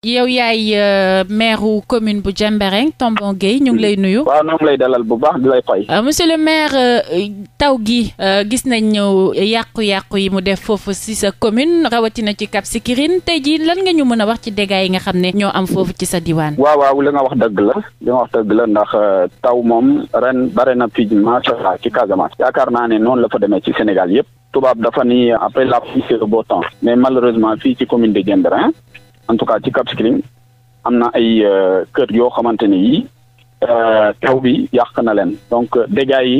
yow yaay euh, maire commune bu Diembéring Tombong Gueye ñu ngi lay nuyu. waaw ñoo lay dalal bu baax di lay fay. Euh, monsieur le maire euh, taw gi gis nañu yàqu-yàqu yi mu def foofu ci sa commune rawatina ci Cap Skirring tey jii lan nga ñu mën a wax ci dégâts yi nga xam ne ñoo am foofu ci sa diwaan. waaw waaw li wax dëgg la li nga wax dëgg la ndax taw moom ren bare na fii macha allah ci Casamance. yaakaar naa ne noonu la fa demee ci Sénégal yëpp tubaab dafa ni après la pluie c'est le beau mais malheureusement ci commune de Diembéring en tout cas ci Cap am na ay euh, kër yoo xamante ni yii euh, taw bi yàq na leen donc euh, dégâts yi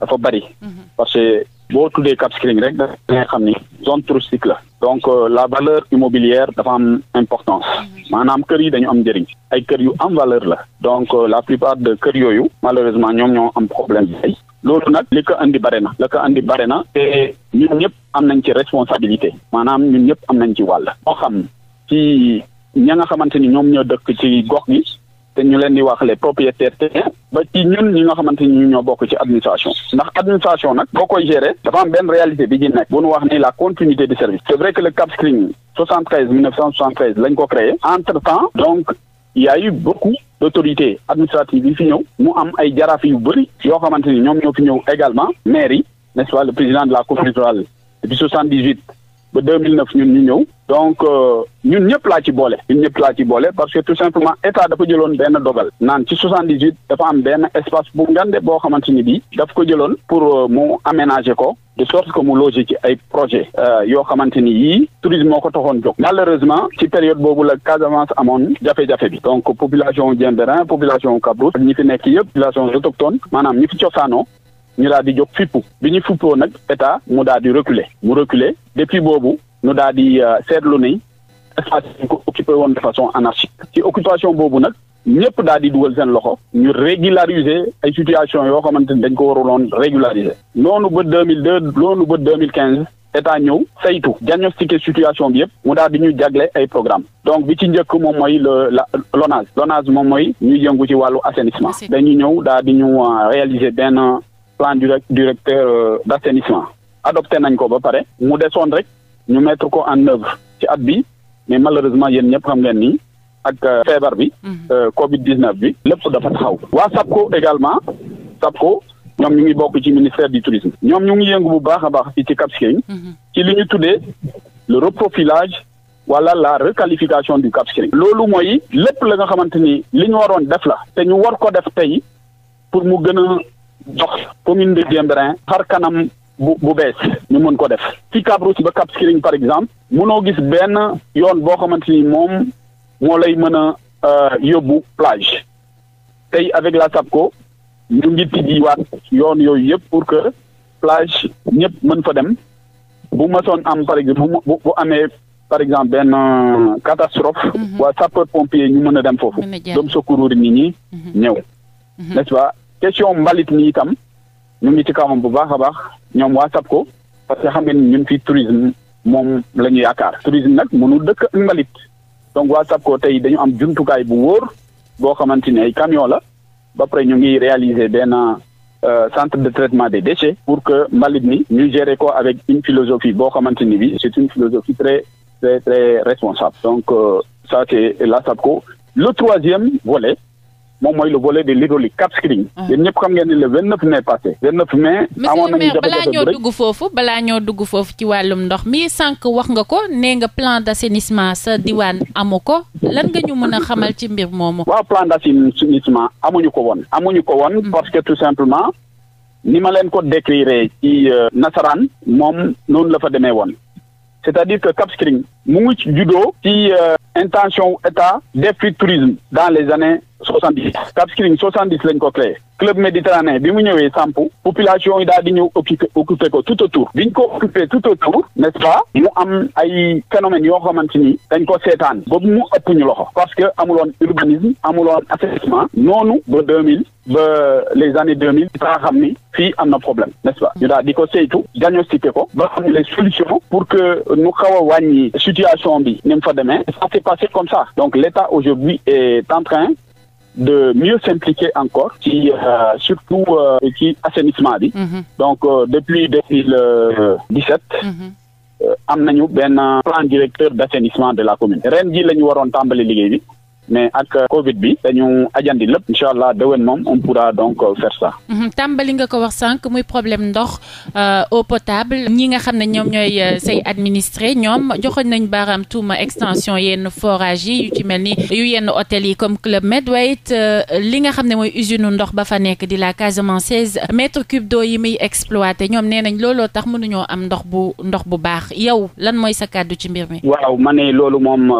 dafa bari mhm. parce que boo tuddee Cap Skirring rek da ngay xam ni zone touristique la donc la valeur immobilière dafa am important mhm. maanaam kër yi dañu am njëriñ ay kër yu am valeur la donc la plupart de kër yooyu malheureusement ñoom ñoo am problème bi loolu nag li ko andi bare na la ko andi bare na te ñun ñëpp am nañ ci responsabilité maanaam ñun ñëpp am nañ ci ña nga xamante ni ñoom ñoo dëkk ci gox gi te ñu leen di wax les propriétaires terriens ba ci ñun ñi nga xamante ni ñoo bokk ci administration ndax administration nag boo koy gérer dafa am benn réalité bi ci nekk bu nu wax ni la continuité de service c'est vrai que le Cap Skirring 73 1973 lañ ko créé entre temps donc il y a eu yi fi ñëw mu am ay jaraaf yu bëri yoo xamante ni ñoom ñoo fi ñëw également maire yi n'est-ce pas le président de la commune rurale depuis 78 ba 2009 ñun ñu ñëw donc euh, ñun ñëpp laa ci boole ñun ñëpp laa ci boole parce que tout simplement état dafa jëloon benn dogal naan ci 78 dafa am benn espace bu ngande boo xamante ni bii daf ko jëloon pour euh, mu aménager ko de sorte que mu loger ci ay projet euh, yoo xamante ni yii tourisme moo ko taxoon jóg malheureusement ci période boobu la Casamance amoon jafe-jafe bi donc population Diembéring population Kabrousse ñi fi nekk yëpp population autochtone maanaam ñi cosaanoo ñu daal di jóg fippu bi ñu fippoo nag état mu daal di reculer mu reculer depuis boobu ñu daal di euh, seetlu ni espace bi ko occupé woon de façon anarchique ci occupation boobu nag ñëpp daal di dugal seen loxo ñu régulariser ay situation yoo xamante ni dañ ko waruloon régulariser noonu ba deux mille deux noonu ba deux mille quinze état ñëw saytu diagnostiqué situation bi yëpp mu daal di ñu jagle ay programme donc bi ci njëkk moom mooy le la l'ONAS l'ONAS moom mooy ñuy yëngu ci wàllu assainissement dañu ñëw daal di ñu euh, réaliser benn plan directeur euh, d'assainissement adopté nañ ko ba pare mu desoon rek ñu mettre ko en œuvre ci at bi mais malheureusement yéen ñëpp xam ngeen ni ak euh, feebar bi. Mhm. Euh, Covid 19 bi lépp dafa taxaw. waa SAPCO également SAPCO ñoom ñu ngi bokk ci ministère du tourisme. ñoom ñu ngi yëngu bu baax a baax fii ci Cap Skirring. Mhm. ci li ñu tuddee le reprofilage. wala la requalification du Cap Skirring loolu mooy lépp la nga xamante ni li ñu waroon def la te ñu war ko def tey pour mu a jox commune de Diembéring xar kanam bu bu bees ñu mën ko def ci Cap Rousse ba Cap Skirring par exemple mënoo gis benn yoon boo xamante ni moom moo lay mën a euh, yóbbu plage tey avec la SAPCO ñu ngi tijjiwaat yoon yooyu yëpp pour que plage ñëpp mën fa dem bu masoon am par exemple bu bu amee par exemple benn euh, catastrophe mhm. waa sapeur pompier ñu mën a dem foofu dem secourir ni ñi mhm. ñëw mhm. nest pas question mbalit mi itam ñu ngi ci kawam bu baax a baax ñoom waa ko parce que xam nga ni ñu ñun fii tourisme moom la ñu yaakaar tourisme nag mënul dëkk ak mbalit donc waa ko tey dañu am jumtukaay bu wóor boo xamante ne ay camion la ba pare ñu ngi réaliser benn euh, centre de traitement des déchets pour que mbalit mi ñu gérer ko avec une philosophie boo xamante ni bi c'est une philosophie très très très responsable donc euh, ça c'est la SAPCO le troisième volet moom mooy le volet de l'hydraulique cap screen ah. yéen ñëpp xam ngeen ne le vingt neuf mai passé vingt neuf mai amoon nañu jafe-jafe balaa ñoo dugg foofu balaa ñoo dugg foofu ci wàllum ndox mi sànq wax nga ko nee nga plan d'assainissement sa diwaan amu ko lan nga ñu mën a xamal ci mbir moomu waaw plan d'assainissement amuñu ko woon amuñu ko woon hmm. parce que tout simplement ni ma leen ko déclirer ci euh, nasaraan moom noonu la fa demee woon cest à que Cap Skirring mu ngi juddoo ci euh, intention état def fi tourisme dans les années soixante dix Cap Skirring soixante dix lañ ko club méditerranéen bi mu ñëwee sampu population yi daal di ñëw occupé occupé ko tout autour m ko occupé tout autour n'est-ce pas am ay phénomènes yoo xamante ni dañ ko seetaan boobu mu ëpp ñu loxo parce que amuloon urbanisme amuloon assainissement noonu ba deux mille ba les années de mille daa xam ni fii am na problème n'est-ce pas ñu daal di ko saytu diagnostiqué ko ba xam les solutions pour que nu xaw a wàññi situation bi ni mu fa demee ça s'est passé comme ça donc l'État aujourd'hui est en de mieux s'impliquer encore ci euh, surtout euh, ci assainissement bi. Mhm. donc euh, depuis deux mille dix-sept mhm. am nañu benn plan directeur d'assainissement de la commune. ren jii la ñu waroon tàmbali liggéey bi. mais ak euh, Covid bi dañu ajandi lépp incha allah déwén moom on pourra donc euh, faire ça. Mm-hmm. tàmbali nga ko wax sànq muy problème ndox euh, eau potable ñi nga xam ne ñoom ñooy say administré ñoom joxoñ nañu baaraam tuuma extension yenn forage yi yu ci mel ni yu yenn hôtel yi comme Club Med waaye it li nga xam ne mooy usine ndox ba fa nekk di la Casamance 16 mètre cube d'eau yi muy exploité ñoom nee nañ looloo tax mënuñoo am ndox bu ndox bu baax yow lan mooy sa kàddu ci mbir mi. waaw ma ne loolu moom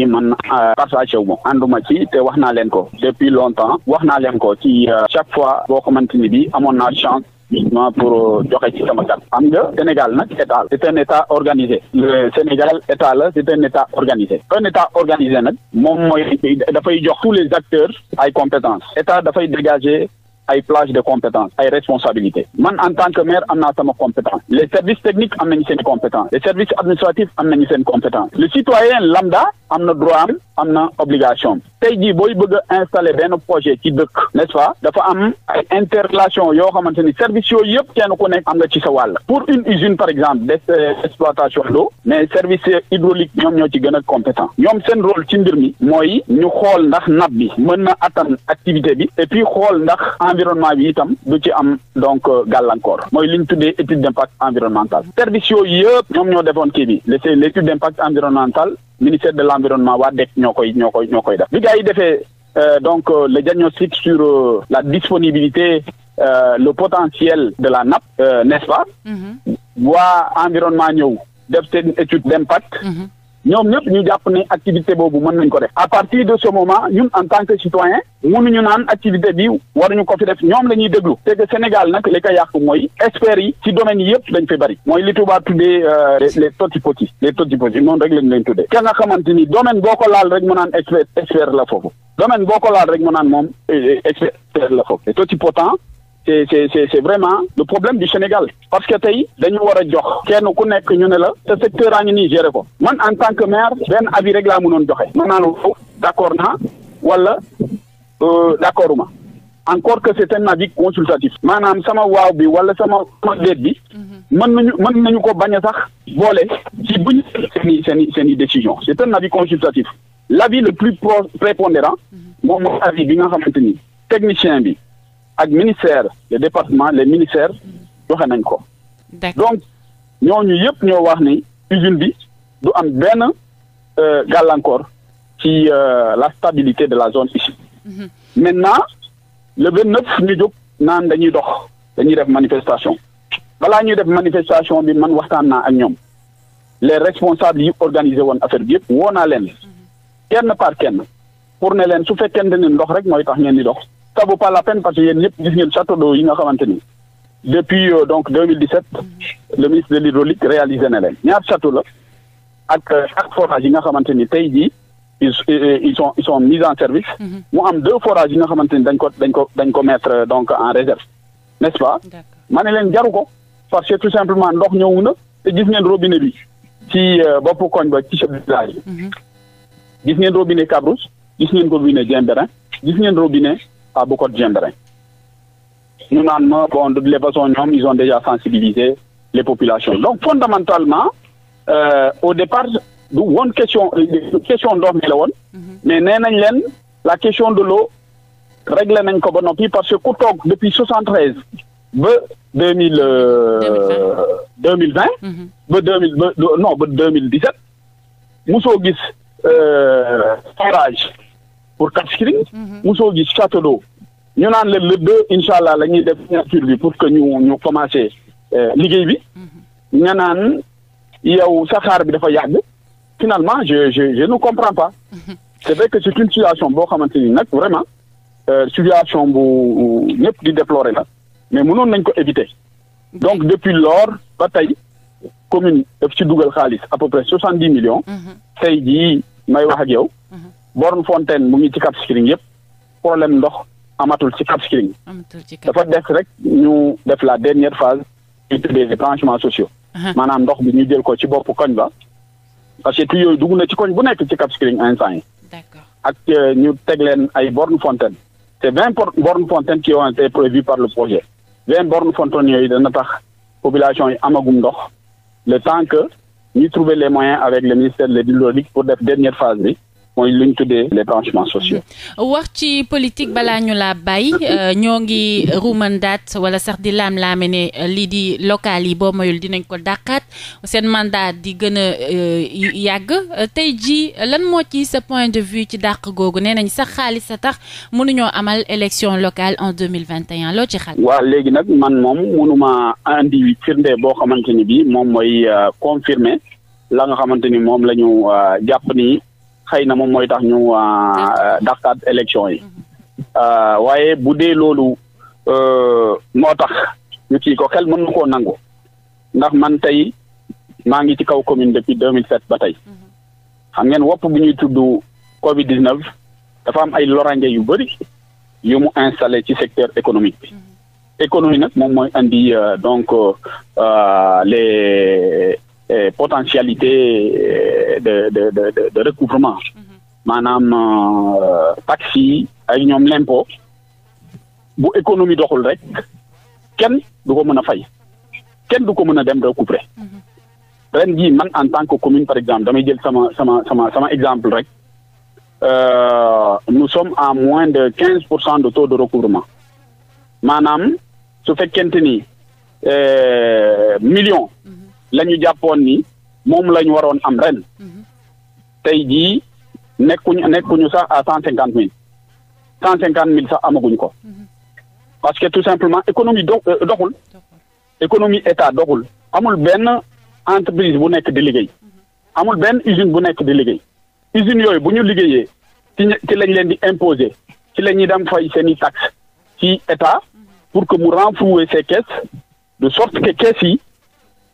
nii man euh, partagé wu ma ànduma ci te wax naa leen ko depuis longtemps wax naa leen ko ci euh, chaque fois boo xamante ni bi amoon naa chance justement pour euh, joxe ci sama kat am nga Sénégal nag état c'est un état organisé le Sénégal état la c'est un état organisé un état organisé nag moom mooy dafay jox tous les acteurs ay compétences état dafay dégager ay plage de compétence ay responsabilité man en tan que maire am naa sama compétence les services techniques am nañu seen compétence les services administratifs am nañu seen compétence le citoyen lambda am na droit am am na obligation tey jii booy bëgg installé installer benn projet ci dëkk n'est-ce dafa am ay interrelation yoo xamante ni services yooyu yëpp kenn ku nekk am nga ci sa wàll pour une usine par exemple d'exploitation euh, d'eau mais service hydraulique ñoom ñoo ci gën a compétent ñoom seen rôle ci mbir mi mooy ñu xool ndax nappe bi mën na attan activité bi environnement bi itam du ci am donc euh, gàllankoor mooy li ñu tuddee étude d'impact environnemental service yooyu yëpp ñoom ñoo defoon kii bi c'est l'étude d'impact environnemental ministère de l'environnement waa DEC ñoo koy ñoo koy ñoo koy def bi gars yi defee euh, donc euh, le diagnostic sur la disponibilité le potentiel de la nappe n'est-ce pas mm-hmm. waa environnement ñëw def seen étude d'impact mm-hmm. ñoom ñëpp ñu jàpp ne activité boobu mën nañ ko def à partir de ce moment ñun en tant que citoyen ñu naan activité bi waruñu ko fi def ñoom la ñuy déglu te que Sénégal nag li ko yàq mooy experts yi ci domaine yi yëpp dañ fi bari mooy li tubaab tuddee euh, les totipotis les totipotis noonu rek lañ leen tuddee ka nga xamante ni domaine boo ko laal rek mu naan expert expert la foofu domaine boo ko laal rek mu naan moom euh, expert la foofu totipotent c'est c'est c'est c'est vraiment problème du Sénégal parce que tey dañoo war a jox kenn ku nekk ñu ne la te secteur a ngi ni géré ko man en tant que maire benn avis rek laa mënoon joxe man naa la d'accord naa wala euh, d'accord ma encore que c'est un avis consultatif maanaam sama waaw bi wala sama sama déet bi mën nañu mën nañu ko bañ a sax boole ci bu ñu seeni seeni seeni décision c'est un avis consultatif l'avis le plus prépondérant moom mooy avis bi nga xamante ni technicien bi ak ministère les département les ministères joxe nañ ko. donc ñooñu yëpp ñoo wax ni usine bi du am benn euh, gàllankoor ci euh, la stabilité de la zone ici. Mm -hmm. maintenant le vingt neuf ñu jóg naan dañuy dox dañuy def manifestation balaa ñuy def manifestation bi man waxtaan naa ak ñoom les responsables yi organisé woon affaire bi yëpp woo naa leen mhm. kenn par kenn pour ne leen su fekkee ne ndox rek mooy tax ngeen di dox. ça vaut pas la peine parce que yéen ñëpp gis ngeen château d'eau yi nga xamante depuis euh, donc 2017 le ministre de l'hydraulique réalisé na leen ñaar château la ak euh, ak forage yi nga xamante ni tey jii ils euh, ils sont ils sont mis en service. Mhm. mu am deux forages yi nga xamante ni dañ ko dañ ko dañ ko mettre donc en réserve n'est-ce pas. ma ne leen jaru ko parce que tout simplement ndox ñëw na te gis ngeen robinet bi ci boppu koñ ba ci chef du village. Mhm. gis ngeen robinet Cabrousse gis ngeen robinet Diembéring gis ngeen à beaucoup de Gémbrin. Nous n'en bon, de les façons, ils ont déjà sensibilisé les populations. Donc, fondamentalement, euh, au départ, nous avons une question, une question d'or, mhm. mais nous la question de l'eau, réglé nañ ko ba noppi parce que ku toog depuis soixante treize ba deux mille euh, deux mille vingt mhm. ba deux mille ba non ba deux mille dix sept mosoo gis euh, forage pour quatre shillings. mosoo gis château d'eau ñu naan leen le deux incha allah la ñuy def signature bi pour que ñu ñu commencé euh, liggéey bi. nga mhm. naan yow saxaar bi dafa yàgg. finalement je je je ne comprends pas. Mhm. c'est vrai que c'est une situation boo xamante ni nag vraiment euh, situation bu ñëpp di déplorer la mais mënoon nañ ko éviter. donc depuis lors ba tey commune daf ci dugal xaalis à peu près soixante dix millions. Mhm. tey jii may wax ak yow. borne fontaine mu ngi ci Cap Skirring yëpp problème ndox amatul ci Cap Skirring dafa des rek ñu def la dernière phase ñu tuddee les branchements sociaux maanaam ndox bi ñu jël ko ci bopp koñ ba parce que tuyaux yooyu dugg na ci koñ bu nekk ci Cap Skirring instant yi ak euh, ñu teg leen ay borne fontaine c'est vingt por fontaines qui ont été prévues par le projet vingt bornes fontaines yooyu dana tax population yi amagum ndox le temps que ñu trouver les moyens avec le ministère de l'hydraulique pour def dernière phase bi mooy lu ñu tuddee les branchements sociaux. wax ci politique balaa ñu laa bàyyi euh, ñoo ngi ruumandaat wala sax di laam-laame ne euh, lii di local yi boo mayul dinañ ko dàqaat seen mandat di gën a euh, yàgg tey jii lan moo ci sa point de vue ci dàq googu nee nañ sax xaalis sa tax mënuñoo amal élection locale en deux mille vingt et loo ci xal waaw léegi nag man moom mënuma andi firnde boo xamante ni bi moom mooy confirmer la nga moom la jàpp ni xëy na moom mooy tax ñu euh, dàqaat élection yi mhm. euh, waaye bu dee loolu euh, moo tax ñu kii ko xel mën na koo nangu ndax man tey maa ngi ci kaw commune depuis 2007 ba tey mhm. xam ngeen wopp bu ñuy tudd Covid 19 dafa am ay lorange yu bëri yu mu installé ci secteur économique bi mhm. économie nag moom mooy andi donc les eh, potentialité eh, de, de, de, recouvrement mhm. maanaam euh, taxes ay ñoom l'impôt bu économie doxul rek kenn du ko mën a fay kenn du ko mën a dem recouvrer mhm. ren jii man en tant que commune par exemple damay jël sama sama sama sama exemple rek euh, nous sommes à moins de quinze pour cent de taux de recouvrement maanaam su fekkente ni euh, million mhm. la ñu jàppoon ni moom la ñu waroon am ren tey jii nekkuñu nekkuñu sax à cent cinquante mille cent cinquante mille sax amaguñ ko parce que tout simplement économie do euh, doxul économie état doxul amul benn entreprise bu nekk di liggéey amul benn usine bu nekk di liggéey usine yooyu bu ñu liggéeyee ci lañ leen di imposer ci la ñuy dem fay seen i taxes ci état pour que mu renflouer se caisses de sorte que caisses yi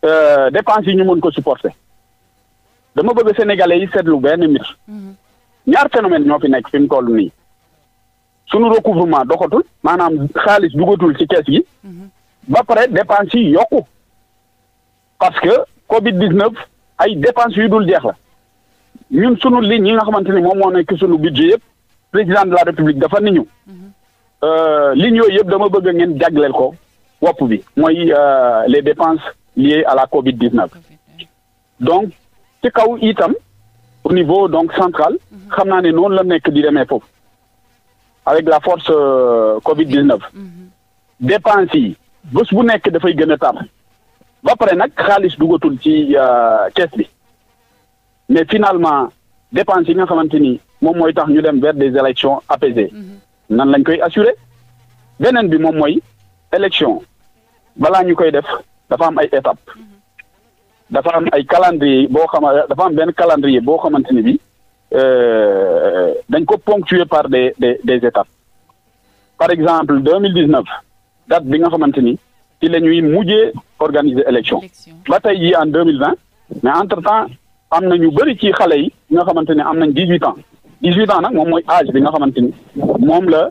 Euh, dépenses yi ñu mën ko supporter dama bëgg sénégalais yi seetlu benn mbir mhm. ñaar phénomène ñoo fi nekk fi mu toll nii suñu recouvrement doxatul maanaam xaalis dugatul ci kees gi mhm. ba pare dépenses yi yokku parce que Covid 19 ay dépenses yu dul jeex la ñun sunu li yi nga xamante ni moom moo nekk sunu budget yëpp président de la république dafa ni ñu mhm. euh, ligne yooyu yëpp dama bëgg ngeen jagleel ko wopp bi mooy euh, les dépenses. liées à la COVID-19. donc ci kaw itam au niveau donc central xam naa ne noonu la nekk di demee foofu avec la force euh, COVID-19 dépenses yi bés bu nekk dafay gën a tar ba pare nag xaalis duggatul ci euh, caisse bi mais finalement dépenses yi nga xamante ni moom mooy tax ñu dem vers des élections apaisées nan lañ koy assurer beneen bi moom mooy élection balaa ñu koy def dafa am ay étape dafa am ay calendrier boo xam dafa am benn boo xamante ni bi euh, dañ ko ponctuer par des des des étapes par exemple deux mille dix neuf date bi nga xamante ni ci la ñuy mujjee organiser élection ba tey jii en deux mille vingt mais entre temps am na ñu bëri ci xale yi nga xamante ni am nañ dix huit ans dix huit nag moom mooy âge bi nga xamante ni moom la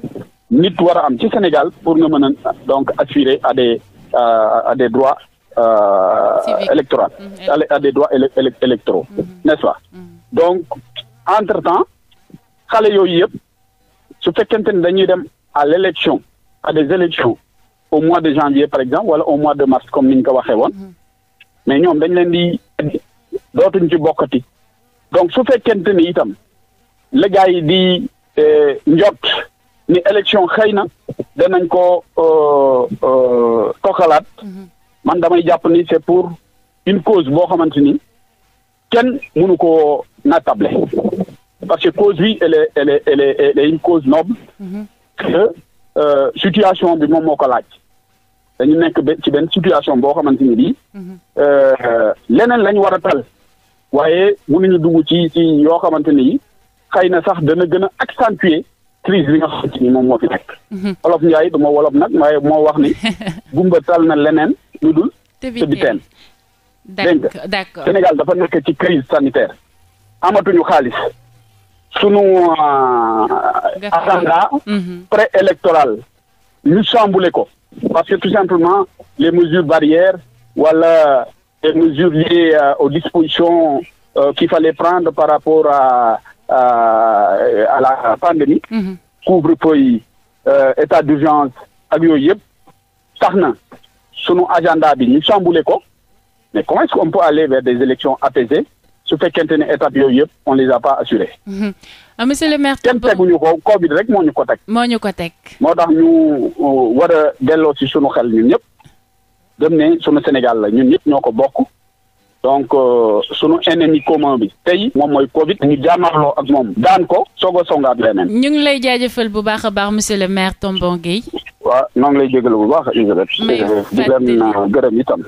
nit war a am ci Sénégal pour nga mën a donc aspirer à des Euh, à, des droits euh, électoraux, mhm. à, à, des droits éle éle mhm. mhm. n'est-ce pas Donc, entre-temps, xale yooyu yëpp su fekkente ne dañuy dem à l'élection à des élections au mois de janvier par exemple wala au mois de mars comme ni ñu ko waxee woon mais ñoom dañ leen di dootuñ ci bokkati donc su fekkente ni itam la yi di euh, njot ni élection xëy na nañ ko euh, euh, toxalaat mhm. man damay jàpp ni c'est pour une cause boo xamante ni kenn mënu ko natable parce que cause bi elle est elle est une cause noble mhm. que euh, situation bi moom moo ko laaj dañu nekk ci benn situation boo xamante ni bii mhm. leneen lañu war a tal waaye mënuñu dugg ci ci yoo xamante ni xëy na sax dana gën a accentuer crise bi nga xamante ni moom moo fi nekk. olof Ndiaye duma wolof nag waaye moo wax ni. gumba tal na leneen lu dul. te biteen dégg nga d'accord Sénégal dafa nekk ci crise sanitaire. amatuñu xaalis. sunu euh, agenda mhm. préélectoral ñu chamboulé ko parce que tout simplement les mesures barrières wala euh, les mesures liées euh, aux dispositions qu'il fallait prendre par rapport à Euh, à la pandémie. Mhm. couvre-feu yi euh, état d'urgence ak yooyu yëpp tax na sunu agenda bi ñu chamboulé ko mais comment est-ce qu'on peut aller vers des élections apaisées su fekkente ne étape yooyu yëpp on les a pas assurées. Mhm. Ah, monsieur le maire. kenn ko Covid rek moo ñu ko teg. moo ñu ko teg. moo tax ñu euh, war a delloo ci sunu xel ñun ñëpp dem ne sunu Sénégal la ñun ñëpp ñoo ko bokk. donc euh, sunu ennemi commun bi tey moom mooy Covid ñu jàmmarloo ak moom daan ko soog a songaat leneen. ñu ngi lay jaajëfal bu baax a baax monsieur le maire Tombong Guèye. waaw maa ngi lay jégalu bu baax Elisabeth. di leen euh, gërëm itam.